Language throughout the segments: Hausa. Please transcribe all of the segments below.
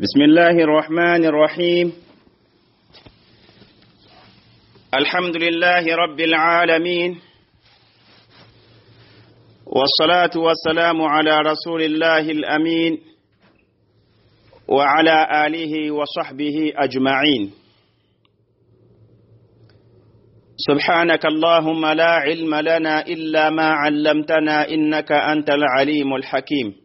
بسم الله الرحمن الرحيم الحمد لله رب العالمين والصلاة والسلام على رسول الله الأمين وعلى آله وصحبه أجمعين سبحانك اللهم لا علم لنا إلا ما علمتنا إنك أنت العليم الحكيم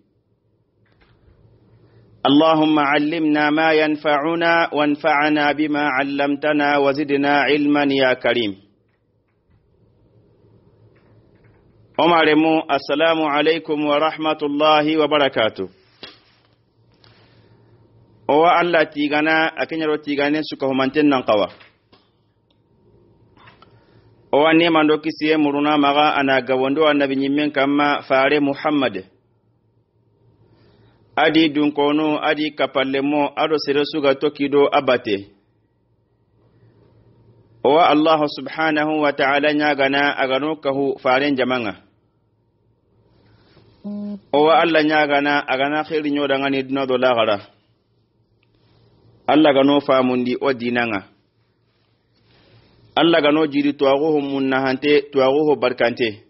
اللهم علمنا ما ينفعنا وانفعنا بما علمتنا وزدنا علما يا كريم عمر السلام عليكم ورحمة الله وبركاته هو الله تيغانا أكين يرو تيغانا سكه منتن ننقوا هو نيمان دوكي سيه مرونا مغا أنا غواندو النبي نيمين كما فاري محمد adi dunkoonu adi kapalemo ado seresu ga tokido abate owa allahu subhanahu wa ta'ala nyagana aganu kahu faren jamanga owa allah nyagana agana khiri nyoda ngani dunna do lagara allah gano famundi o dinanga allah gano jiri to agu munna hante to agu barkante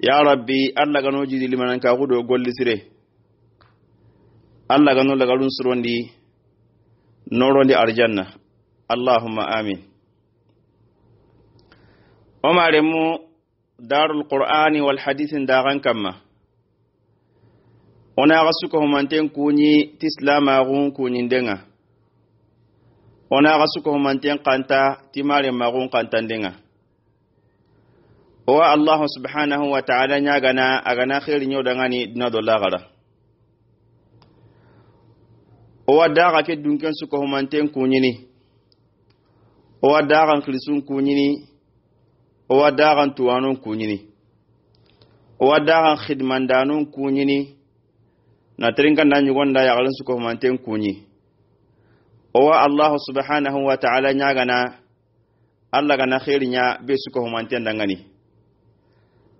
ya rabbi allah gano jidi limanan ka kudo golli sire allah gano laga run surondi norondi arjanna allahumma amin o mare mu darul qur'ani wal hadisi da kan kamma ona ga suka humanten kunyi tislama gun kunyin denga ona ga suka humanten kanta timare magun kanta denga owa allahu subhanahu wa ta'ala khairi nyo da ngani dina do laxara owa daxa ke dunken sukohumanten kuñini owa daxan xirisun kuñini owa daxan tuwanon kuñini owa daxan xidmandanon kuñini natirinkanna ñugonda yaxalen sukohumanten kuñi owa allahu subhanahu wa ta'ala gana allah gana khairi nya be da ngani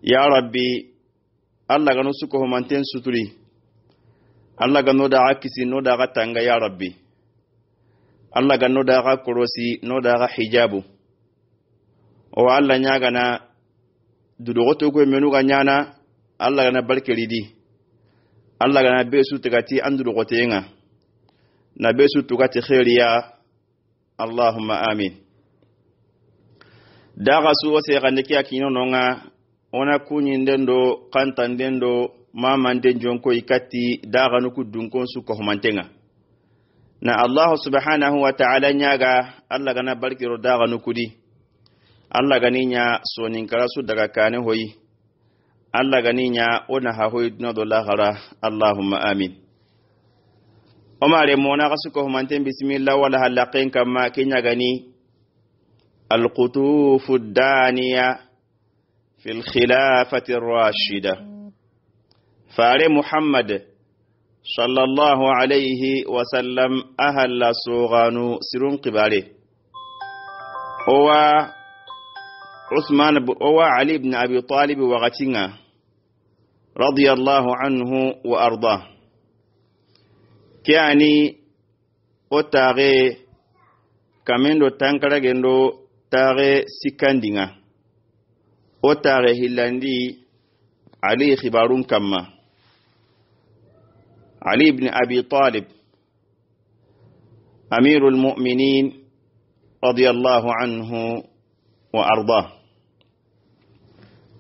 ya rabbi allah ganu suka homanten suturi allah ganu daxa kisi no daxa tanga ya rabbi allah ga no daxa kurosi no daxa hijabu owa allah ñagana dudoxoto koy menu ga nyana allah gana barkelidi allah gana be su tigati an dudoxotenga na be su tugati xeeriya allahumma amin daga su wo ga nake a nonga. wona kuñinden do kantanden do jonko jonkoyi katti daganu dunkon su kohomantenga na allahu subhanahu wa taala ñaga allah gana barkiro daganu kudi allah gani ña soninkara su daga kane hoyi allah gani ña wo naha hoyi duna do lahara allahumma amin omare monaga su kohomanten bisimilla wala hallaqen kamma ke ñagani alkutufu daniya في الخلافة الراشدة فاري محمد صلى الله عليه وسلم أهل سوغانو سرون قبالي هو عثمان هو علي بن أبي طالب وغتنا رضي الله عنه وأرضاه كياني أتاغي كمين دو تنكرا جندو تاغي سيكاندينا wo taxe hillandi ali xibarun kanma ali ibni abi talib amiru lmuminin radiallahu anhu wa ardah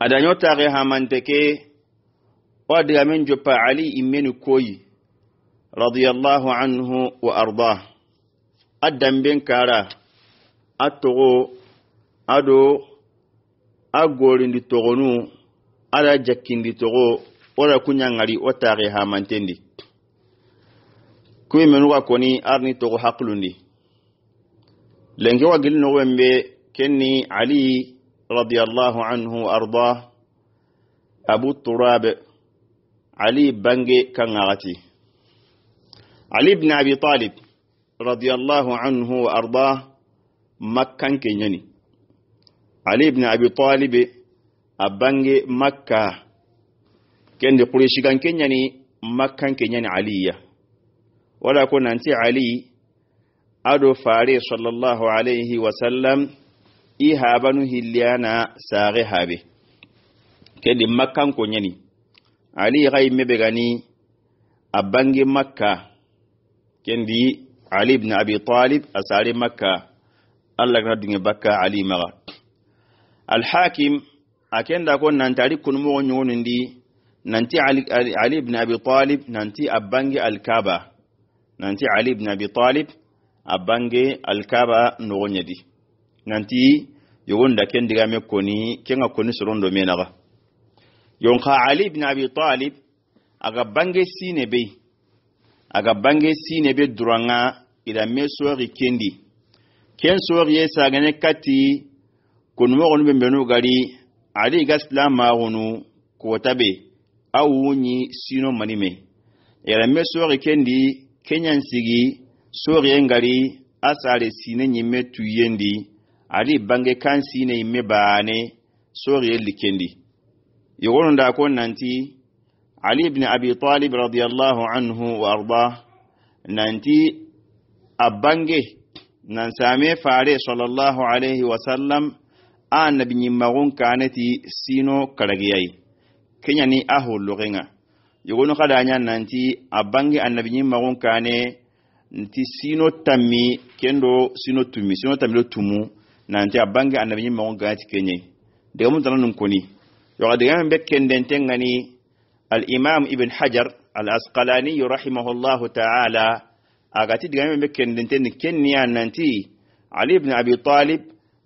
adaño taxe hamante ke wo adigamen joppa ali immeni koyi radiallahu anhu wa ardah a danben kara a togo ado a gorindi togonu ala jakkindi togo wala kuɲangari wo taxe hamantendi kuma menuga koni arini togo hakulundi lenke wa gili nogoben be kenni ali radiallahu anhu arda abu turabe ali bange kan agati ali bin abi talib radiallahu anhu arda makkan kenyani ali ibn abi talib abange makka kende quraishi kan kenya ni makkan kenya ni aliya wala ko nanti ali ado fare sallallahu alaihi wasallam i habanu hilliyana sare habe kende makkan ko nyani ali gai mebe gani abange makka kendi ali ibn abi talib asare makka allah na dunge bakka ali maga alhakim akenda ko nantari kunmogo ñogonundi nanti ali, ali, ali ibn abi talib nanti abange alkaba ti ali ibn abi talib abange alkaba nogonyedi nanti yogonda kendigame koni kenga na sorondo menaga yonka ali ibn abi talib aga bange sine be aga bange sine be duranga ida me sori kendi ken sori yesa gane kati kun mogon be benu gari ali ga ma magunu ko be awu ni sino manime yara me sori kendi kenyan sigi sori ngari asare sine nyime tuyendi ali bange kan sine imme baane sori likendi yogonu da ko nanti ali ibn abi talib radiyallahu anhu wa arda nanti abange nan same fare sallallahu alaihi wasallam an a magon kaneti sino kalagiyai kenya ni aho a yogono kada anya nanti a bange a magon kane nti sino tammi kendo sino tumi sino lo tumu nanti a bange a nabiɲimaxun kaneti keɲe degamu tana nun koni yoxa degamen be al imam ibn hajar al asqalani رحمه ta'ala agati أغاتي دغامي مكن دنتن kenya nanti علي بن أبي طالب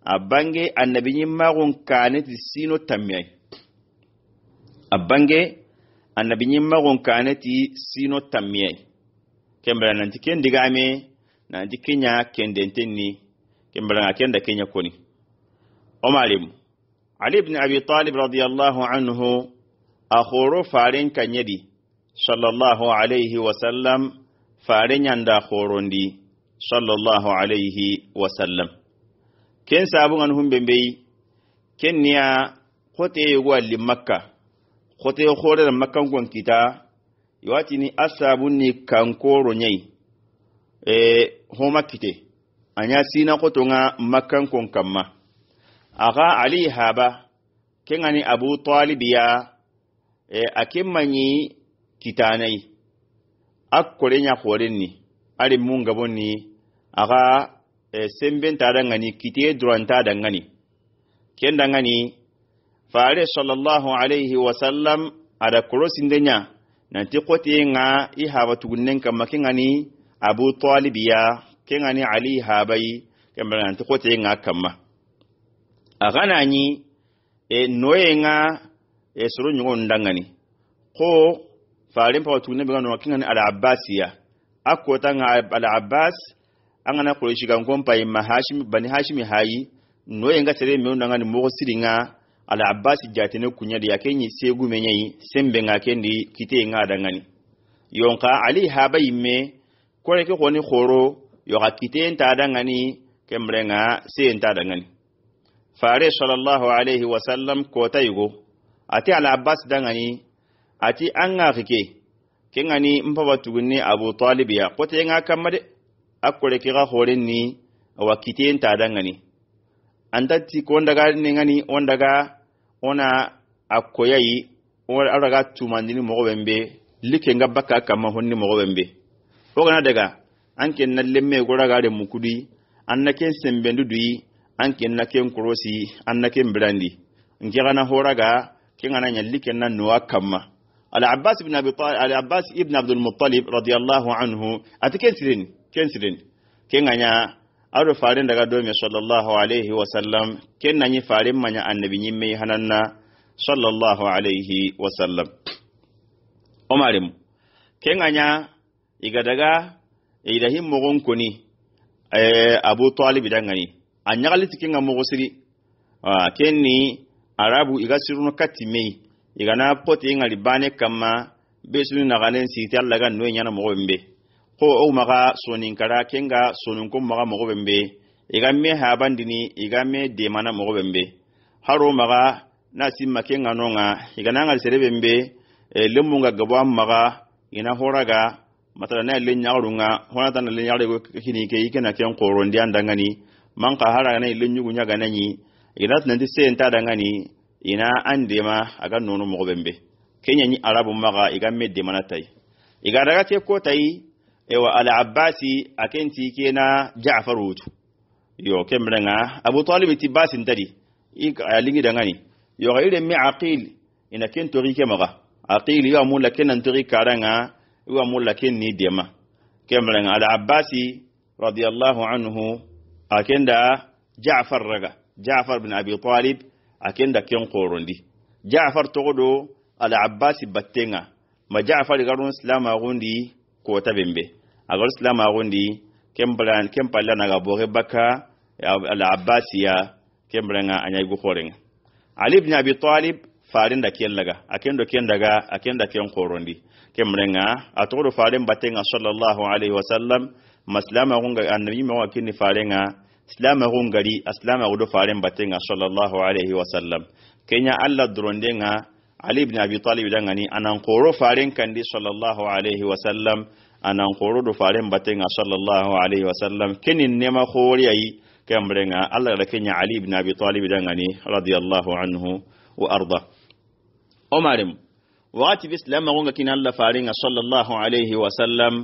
a bange annabi ñimmaxun kane ti sino tammiyay a bange annabi ñimmaxun kane ti sino tammiyay kembera nanti ken digame nanti kenya kende ni kembera nga kenda kenya koni omalim ali ibn abi talib radiyallahu anhu a horo faren kanyedi sallallahu alayhi sallam farin yanda horondi sallallahu alayhi sallam ken sabu an humbe mbey ken niya khote yugo alli makka khote khore makka ngon kita yawati ni asabu ni kankoro nyai e homa kite anya sina khoto nga makka kon kamma aga ali haba ken ani abu talib ya e akim manyi kitanai akkore nya ni ari mun gabonni aga e eh, semben ta dangani kite duranta dangani ken dangani fare sallallahu alaihi wa sallam ada denya nanti kote nga i hawa tugunnen kamma ke ngani abu talibiya ke ngani ali habai kembe nanti kote nga kamma agana ni e noye nga e suru nyugo ndangani ko fare pa tugunnen be ngano ke ngani al abbasiya akota nga al abbas angana kureshi ga ngompa imma hashim bani hashim hayi no yenga sere me unanga ni mogo siringa ala abbas jatene kunya da yakenyi segu yi sembe nga ndi kite nga dangani yonka ali haba imme kore ke koni khoro yoga kite nta dangani nga se nta dangani fare sallallahu alaihi sallam kota yugo ati ala abbas dangani ati anga kike kengani mpaba tugunne abu talib ya kote nga kamade a kore ke ga ni wa kiten ta dan ngani an datti ko daga ni ngani on daga ona akoyayi on araga ni mo wembe like nga baka kama honni mo wembe ko gana daga an ken na lemme gora ga de mukudi an na ken sembe duyi an ken na ken kurosi an na ken brandi ngi gana horaga ken gana nyalli like na nuwa kama al abbas ibn abi talib al abbas ibn abdul muttalib radiyallahu anhu atike sirini ken kensirin ken ŋaya ado farin daga dome sallallahu alaihi wasallam ken nayi farin manya annabi ñimmei hananna sallallahu alaihi wa wasallam omarimu ken ŋaya iga daga ida hin mogon koni eh, abu talibi da ŋani a ñagaliti ken ŋa mogo siri ah, ken ni arabu iga siruno kati mei igana poti ŋari bane kamma be na naganen siti alla ga noe ñana mogo mbe ko o maga kara kenga kun maga mogo bembe iga me habandini iga me demana mogo bembe haro maga na make kenga nonga iga ngal sere bembe e, lemunga gabo maga ina horaga matala na le nyaarunga hona tan le le go kini ke na ken qorondi andangani man ka hara na le nyugu nyaga nanyi ina tan di sen ta dangani ina andema aga nono mogo bembe kenya ni arabu maga iga me demana tai iga daga te ko tai yawa al-abbasi akenti kena ja'far wutu yo kemrenga abu talib ti basin dadi in alingi dangani yo gaire mi aqil ina ken tori kemaga aqil yo mun lakin an tori karanga yo mun lakin ni dema kemrenga al-abbasi radiyallahu anhu da ja'far raga ja'far bin abi talib da ken qorondi ja'far togodo al-abbasi battenga ma ja'far garun islam gundi kota bembe agol islam agundi kembran kempalla naga bore baka al abbasiya kembranga anyay gu khorenga ali ibn abi talib farin da ken laga aken do ken daga aken da ken khorondi a atoro farin batenga sallallahu alaihi wasallam maslama gunga annabi ma wakini farenga islama gungari a gudo farin batenga sallallahu alaihi wasallam kenya alla durondenga ali ibn abi talib da ngani anan koro faren kandi sallallahu alaihi wasallam anan koro do faren batenga sallallahu alaihi wasallam kenin nema khori ayi kambrenga allah da kenya ali ibn abi talib da ngani radiyallahu anhu wa arda omarim wakati bi islam ngonga kin allah faren sallallahu alaihi wasallam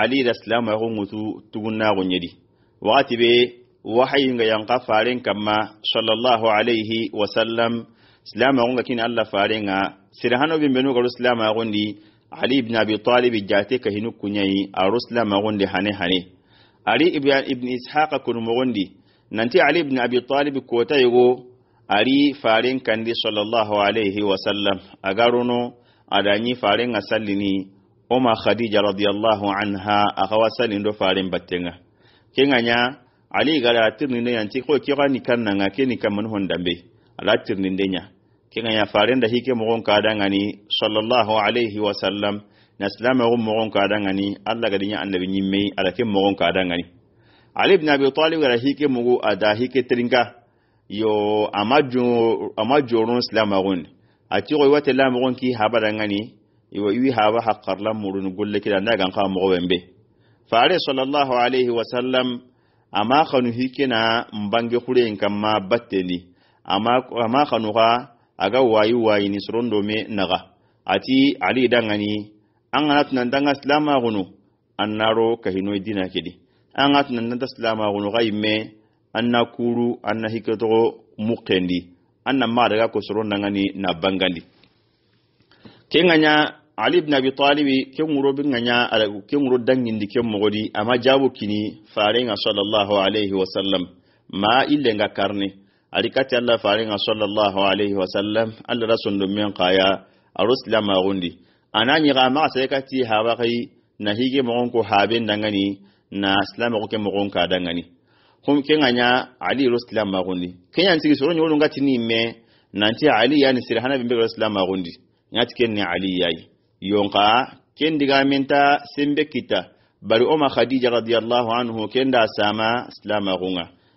ali da islam ngongutu tugunna gonyedi wakati be wahayi nga yanka faren kama sallallahu alaihi wasallam silama gonga kini allah farenga sira hano be benu garu silama gondi ali ibn abi talib jate ka hinu kunyai aru silama gondi hane hane ali ibn ishaq kunu gondi nanti ali ibn abi talib kota yugo ari faren kandi sallallahu alaihi wasallam agaruno adanyi faren asallini oma khadija radiyallahu anha ka salin do faren battenga kinganya ali gara tirni ne yanti ko kira ni kannanga ke ni kamun hondambe ala tirni ndenya kenga ya farenda hike mogon kada ngani sallallahu alaihi wasallam na silama go mogon kada ngani Allah gadinya annabi nyimme ala ke mogon kada ngani ali ibn abi talib gara hike mugo ada hike tringa yo amajo amajo ron silama gon ati go wate la mogon ki habara ngani iwa iwi haba haqqar la murun golle kida ndaga kan mogo wembe fare sallallahu alaihi wasallam ama khanu hike na mbange khure kamma batteni ama ama khanu ha aga wayi wayi ni sorondo me naga ati ali dangani an ga danga silama gunu an kahino dina kidi an ga danga silama gunu ga imme kuru an na mukendi an na ma daga ko soron dangani na bangandi ke ali ibn abi talibi ke nguro bin nganya ala ke nguro dangindi ke mogodi amma jabu kini fare sallallahu alaihi wasallam ma ille nga karne ali kati alla faringa sallallahu alaihi wasallam alla rasul min qaya arusla ma gundi anani ga ma sai kati hawaqi na hige mon ko haben dangani na islam ke mon ka dangani hum ke nganya ali rusla ma gundi kenya ntigi soro nyolo ngati me nanti ali yani sirhana bimbe rusla ma gundi ngati ken ni ali yayi yonka ken diga sembe kita bari oma khadija radiyallahu anhu kenda sama islam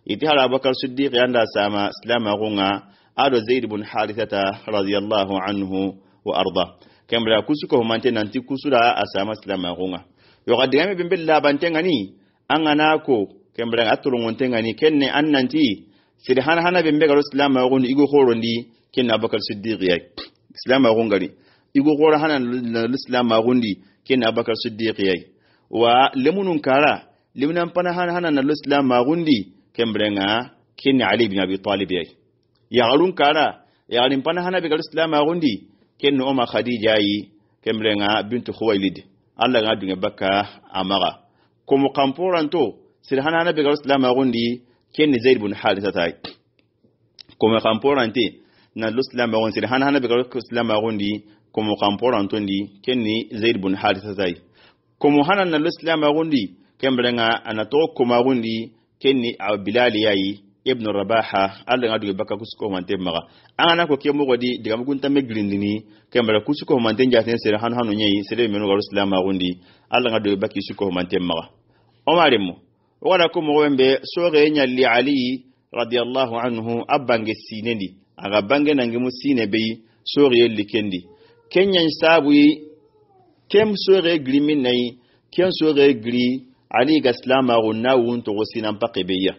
iti har abubakar siddiq yanda sama silama gunga ado zaid ibn harithata radiyallahu anhu wa arda kembra kusuko humante nanti kusura asama silama gunga yoga digame bimbe labante ngani angana ko kembra atulungonte ngani kenne annanti sidi hana hana bimbe garo silama gunni igo horondi kenna abubakar siddiq yai silama gungari igo horo hana silama gundi kenna abubakar siddiq yai wa lemunun kara limnan pana hana hana na lo silama gundi kembrenga kini ali bin abi talib yai yagalun kara yagalin pana hana bigal islam agundi kenno oma khadija yi kembrenga bintu khuwailid alla ga dunga bakka amaga komo kamporanto sir hana hana bigal islam agundi kenni zaid bin harisa tai komo kamporanti na luslam agundi sir hana hana bigal islam agundi komo kamporanto ndi kenni zaid bin harisa tai komo hana na luslam agundi kembrenga anato komo agundi kenni a bilal yayi ibnu rabaha alla nga duge baka kusuko mante maga angana ko kemo godi diga mugun tamme grindini kembara kusuko mante jaten sere han hanu nyi sere menu garu islam gundi alla nga duge baki suko mante maga o maremo wala ko mo wembe soge nyalli ali radiyallahu anhu abange sinendi aga bange nange musine beyi soge yelli kendi kenyan sabu kem soge grimin nayi ken soge gri ali ga silamaxu na wuntoxo sinan paxebeya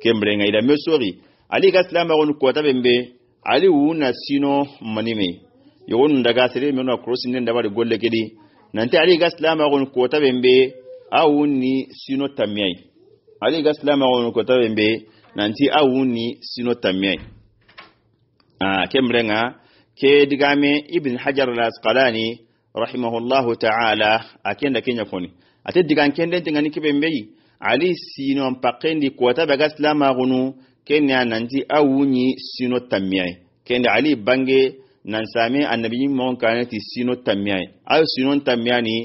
kemrenga ida me sori ali ga silamaxunu kotaben be ali wuna sino manime yogonu daga sere menuna korosinen dabari gole kedi nanti ali ga silamaxunu kotaben bembe a wun ni sino tamiyai ali ga silamaxunu kotaben bembe nanti a wun ni sino tamiyai a kemrenga ke digame ibn hajar al asqalani rahimahullahu ta'ala akenda kenya koni ate digan kenden tingani kiben beyi ali sinon pakendi kota baga silamaxunu kenne a nanti a wuɲi sino tammiyai kende ali bange nansame annabiyi mogon kane ti sino tammiyai ayo sinon tammiyani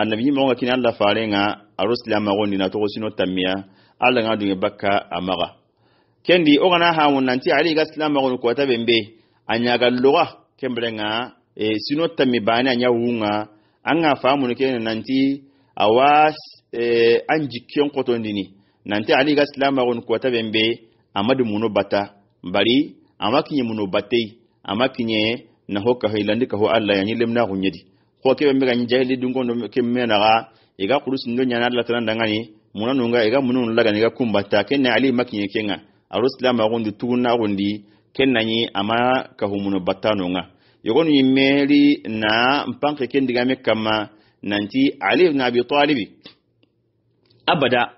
annabiyi mogon ka kini alla faren ga aro silamaxundi na togo sino tammiya alla ga dunge baka a maxa kendi wo gana hamun nanti ali ga silamaxunu kota ben be a ɲaga loxa kenbere ga e, eh, sino tammi bane a ɲa wunga an ga famunu kene nanti awa eh, an dini nan ta ali ga silamagun kwata ben a madu muno bata bari ama kiɲe muno batei ama kiɲe naho kaho ho allah yanyi yaɲi lemnagun ɲedi ko ke ben ganyi jahili dungo dunkondo ke menaga i ga kurusindo ɲana allah tana dangani muna nunga i ga mununu lagani i ga kunbata ken na ali ma kiɲe kenga aro silamagundi tugunnagundi ken naɲi ama kaho muno bata nonga yogonu ɲi meri na npanke ken gamekama kama nanti ali ibn abi talib abada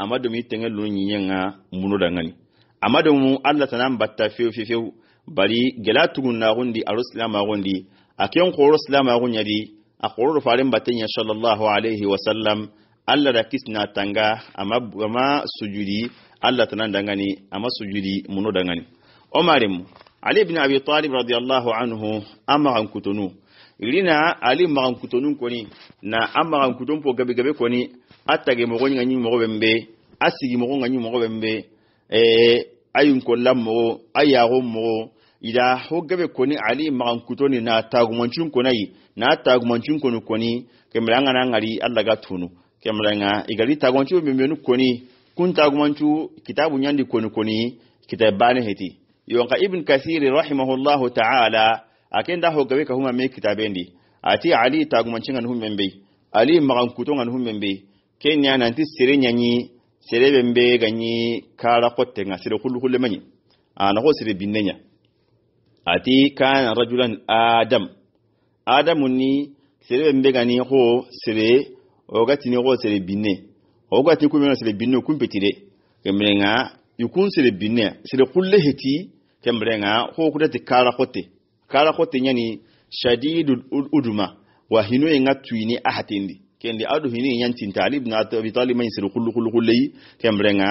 amadu mi tenga lu nyinga munu da ngani amadu mu allah nan batta fiu fiu bari gelatugun na gundi aruslama gundi akiyon koro ma gunya di a farin farin ya sallallahu alaihi wa sallam allah da kisna tanga amma ma sujudi allah tanan dangani amma sujudi munu dangani omarim ali ibn abi talib radiyallahu anhu amma an kutunu rina ali magan kutonun koni na an magan kuton po gabe gabe koni atage tage mogo ɲiga ɲi mogo bembe asigi a sigi mogo ŋa ɲi mogo bɛn be e, a yun kolla mogo a yago ida ho gabe koni ali magan kutoni na tagumancun konayi na tagumancun koni koni kemranga na gana Allah ga tunu kemela ŋa igari tagumancu bembenu koni kun tagumancu kitabu nyandi koni koni kita heti yonka ibn kathiri rahimahullahu taala a da hogawe ka huma me a ati ali ta tagumancinga nu humembe ali magan kutonga ken ya nan ti sire nyanyi sere bembe ganyi kala nga sire kullu kullu manyi ana ah, ko sire binnenya ati kana rajulan adam adamu ni sere bembe gani ko sire ogati ni ko sire binne ogati mena sire binne kumpetire kemrenga yukun sire binne sire kullu heti kemrenga ko kudati kala kote kara khote nyani shadidul uduma wa hinu enga tuini ahatindi kendi adu hini nyantin talib na abi talib man siru kullu kullu kulli kembrenga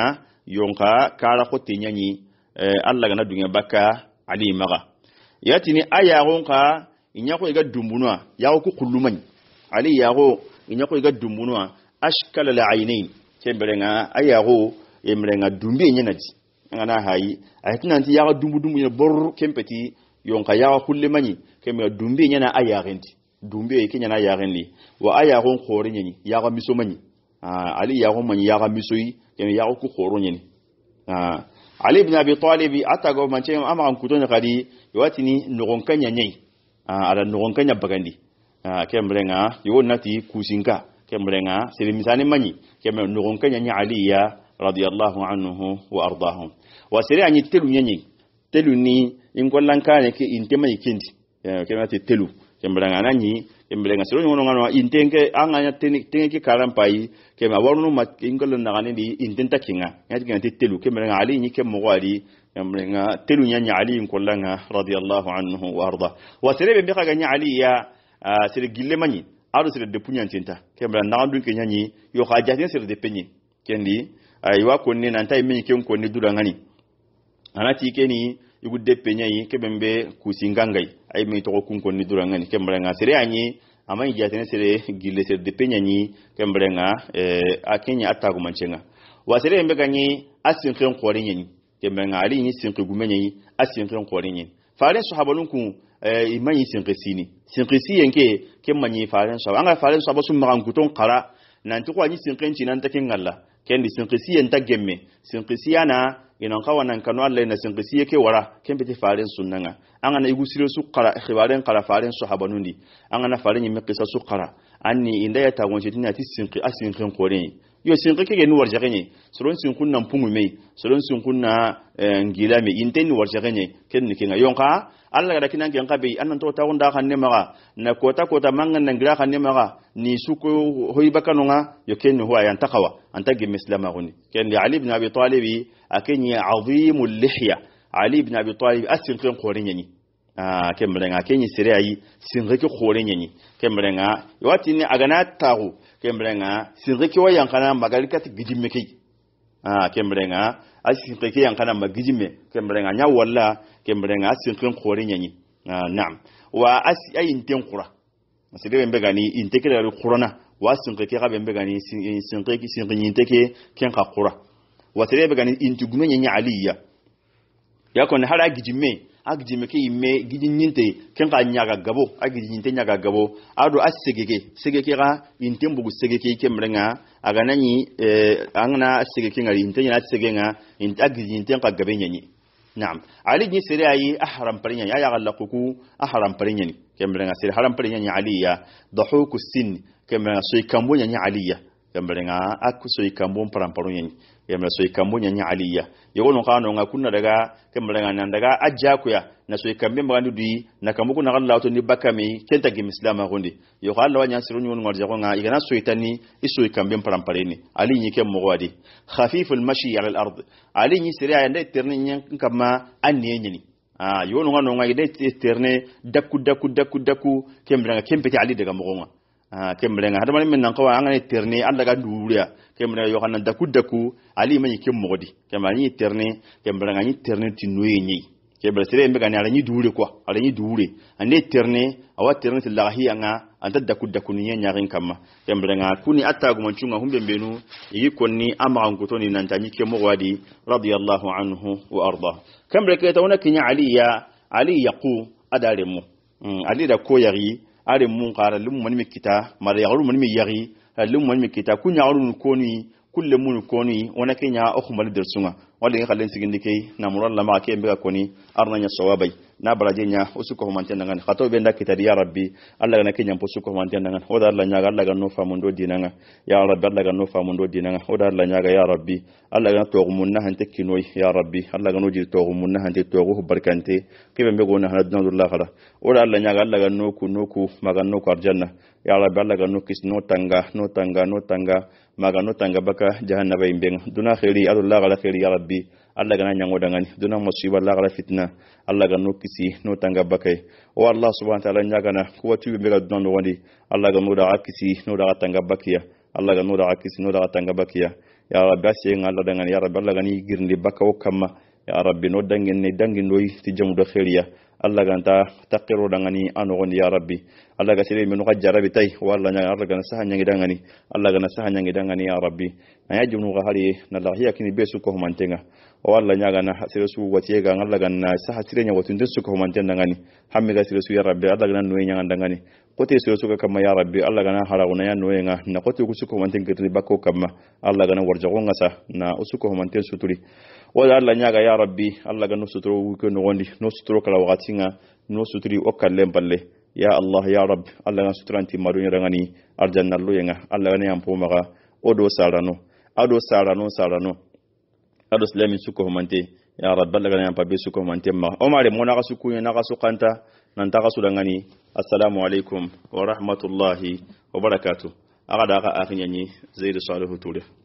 yonka kara khote nyani eh, Allah gana dunya baka ali maga yati ni aya gonka inyako iga dumbunwa yawo ku kulluman ali yawo inyako iga dumbunwa ashkala la ainain kembrenga aya go emrenga dumbi nyanaji ngana hayi ayatina nti yawo dumbu dumbu ne bor kempeti yonka yawa kulle mañi kemea dumbe nyana a yaxenti dumbe ke ñana yaxenli wa a yaxon xoore mani, yaxa miso mani ah, ali yaxon mañi miso yi kemi yaxo ku xooro nyani ah, ali ibn abi talibi a tago mance a maxan kutoni xadi yowatini noxonka ña ñayi ah, ada noxonka ña bagandi kemrenga yowo nati kusinka kemrenga selimisani misani kemi keme noxonka ña ali ya radiyallahu anhu wa ardahum wa seri anyi telu nyanyi telu ni in kollan ke inte mai kindi ke na te ya, telu ke mbranga na nyi ke mbranga sero ngono ngano inte ke ke karam mpai ke ma mat in di inte ta kinga ya ke te telu ke mbranga ali nyi ke mogwari mbranga telu nya ali in nga radiyallahu anhu wa arda wa sirebe bi kaga nya ali ya sire gille manyi aro sire de punya tinta ke mbranga na ke nya yo de penyi kendi aywa konni nanta imenyi ke konni dura ngani anati ni Ibu Depenya yi keben be kusingangai ay mi togo kun konni durangani kembarenga sere anyi ama ijatene sere gile sere deppenya nyi kembarenga eh, akenya atagu manchenga wasere embe kanyi asinqen nyi kembarenga ali nyi sinqi gumenya yi asinqen qore nyi faren sahabalun kun eh, imanyi sinqi sini sinqi si yenke kemanyi faren sahaba anga faren sahaba sun magan kuton kara nanti ko nyi sin cinan takin kendi sin si yenta gemme sin si yana ina kawa nan kanu Allah na sin qisi yake wara ken bete farin sunnanga an ana igu su qara xibaren qara farin sahabanundi an ana farin yimme qisa su qara anni inda ya tagon shi tinya ti sin asin ken kore yo sin qike ge nuwar jagenye suron sin nan pungu me suron sin na eh, ngila me inten nuwar jagenye ken ni kenga yonka alla gada kinan ken kabe annan to ta wanda kan nemaga na kota kota mangan nan gira kan nemaga ni suko hoyi bakano nga yo ken ho ayan takawa anta gi mislama goni ken li ali ibn abi talib akenye azimul lihya ali ibn abi talib asin ah, ken qorin yani a kemrenga kenyi sire ayi sinre ki khorin yani kemrenga wati ni agana taru kemrenga sinre ki wayan kana magalikati gidimme ki a ah, kemrenga asin ke yan kana magijime kemrenga nya walla kemberenga asi ntwen kore nyanyi nam wa asi ay inte nkura asi de bembe gani inte kera ru kurona wa asi nkwe kera bembe gani sinkwe ki sinkwe nyinte ke ken ka kura wa asi de bembe gani inti gume nyanyi aliyya ya kone hara agijime agijime ke ime gidi nyinte ken ka nyaga gabo agidi nyinte nyaga gabo adu asi segeke segeke ka inte mbugu segeke kemberenga aga nanyi eh, angana segeke ngari inte nyana segeke nga agijinte nga gabe nyanyi Naam. Ali ni siri ayi ahram parinya ya ya lakuku ahram parinya ni. Kembere nga siri ahram parinya ni Ali ya. Dohu kusin. Kembere nga suikambu ya ni Ali ya. Kembere nga aku suikambu mparamparu ya ni. yamra soy kambunya nya aliya wani kano nga kuna daga kembra nga nan daga ajakuya na soy kambe mbandu di na kambuku kuna Allah to ni bakami kenta gi muslima ya kwa Allah wanya siru nyun ngor jago nga igana soy tani isoy kambe alin ali nyi kem mogwadi khafiful mashi ala al ard ali nyi siri ayande yi nyen kama anni nyini a ah, yewono nga no nga ide terne daku daku daku daku kembra nga kempeti ali daga mogonga a ah, kembra nga hadama min nan ko an ne terne an daga duriya kemra yo hanan daku daku ali mani kem modi kemra ni terne kemra ngani terne tinoye ni kebra sere mbe gani alani dure kwa alani dure ande terne awa terne tilahi anga anta daku daku ni nya ngin kama kemra nga kuni atta guma chunga humbe benu yi konni ama ngotoni nan tani kemo wadi radiyallahu anhu wa arda kemra ke tauna kinya ali ya ali yaqu adare mu hmm, ali da koyari are mun qara lum mun mikita kita mar yagaru mun mi lum wan mikita ku nyaarun koni kulle mun koni wona ke nya o khumal dersunga ya kallon khalen sigindi ke namuralla ma ke be koni arna nya bai. na baraje nya usuko humante nangani khato benda kita ya rabbi allah gana kenya mpo suko humante nangani oda alla nyaga alla gana famu ndo dinanga ya rabbi alla gana famu ndo dinanga oda alla nyaga ya rabbi allah gana to gumunna hante kinoi ya rabbi alla gana jiri to gumunna hante to go barkante kibe me gona hana dunullah khala oda allah nyaga alla gana noku noku magan noku arjanna ya rabbi alla gana kis no tanga no tanga no tanga magan no tanga baka jahannaba imbenga duna khiri allah khala khiri ya rabbi Allah gana nyango dangani duna musiba alla gala fitna Allah ga no kisi no tanga bakay o allah subhanahu wa ta'ala ñagana kuwa tuɓe mbega duna no wandi alla ga no daga kisi no da tanga bakiya Allah ga da akisi no da tanga bakiya ya rabbi asiyenga alla dangani ya rabbi Allah gani girndi bakka wo ya rabbi no dangin dangindoyi ti jamu do khiriya allah ganta taqiru dangani anogondi ya rabbi allah ga sere menu ka jarabi tay walla alla gana sahanya ñangi dangani allah gana saha ñangi dangani ya rabbi aya jumnu gahari na lahiya kini be ko humantenga o walla nyaga na sire su wati ga ngalla gan na sa hatire nya wati ndes ko humantenga ngani hamme ga sire su ya rabbi alla gan noye nya nganda ngani kote sire su ka kama ya rabbi alla gan hara gona ya noye nga na kote ku su ko humantenga tri bako kama alla gan warja gonga sa na su ko humanten su turi wala alla nyaga ya rabbi alla gan su turo ko no gondi no su turo kala wakati nga no su turi o kallen balle ya allah ya rab alla gan su turanti marunya rangani arjanna luyenga alla gan yampo maga o do sarano ado sarano sarano ado su suko humante ya rabba daga nan pabe suko humante ma omare mo na kasu kunya na kasu kanta nan ta kasu gani assalamu alaikum wa rahmatullahi wa barakatuh aga da aka akinyanyi ni zaidu salihu ture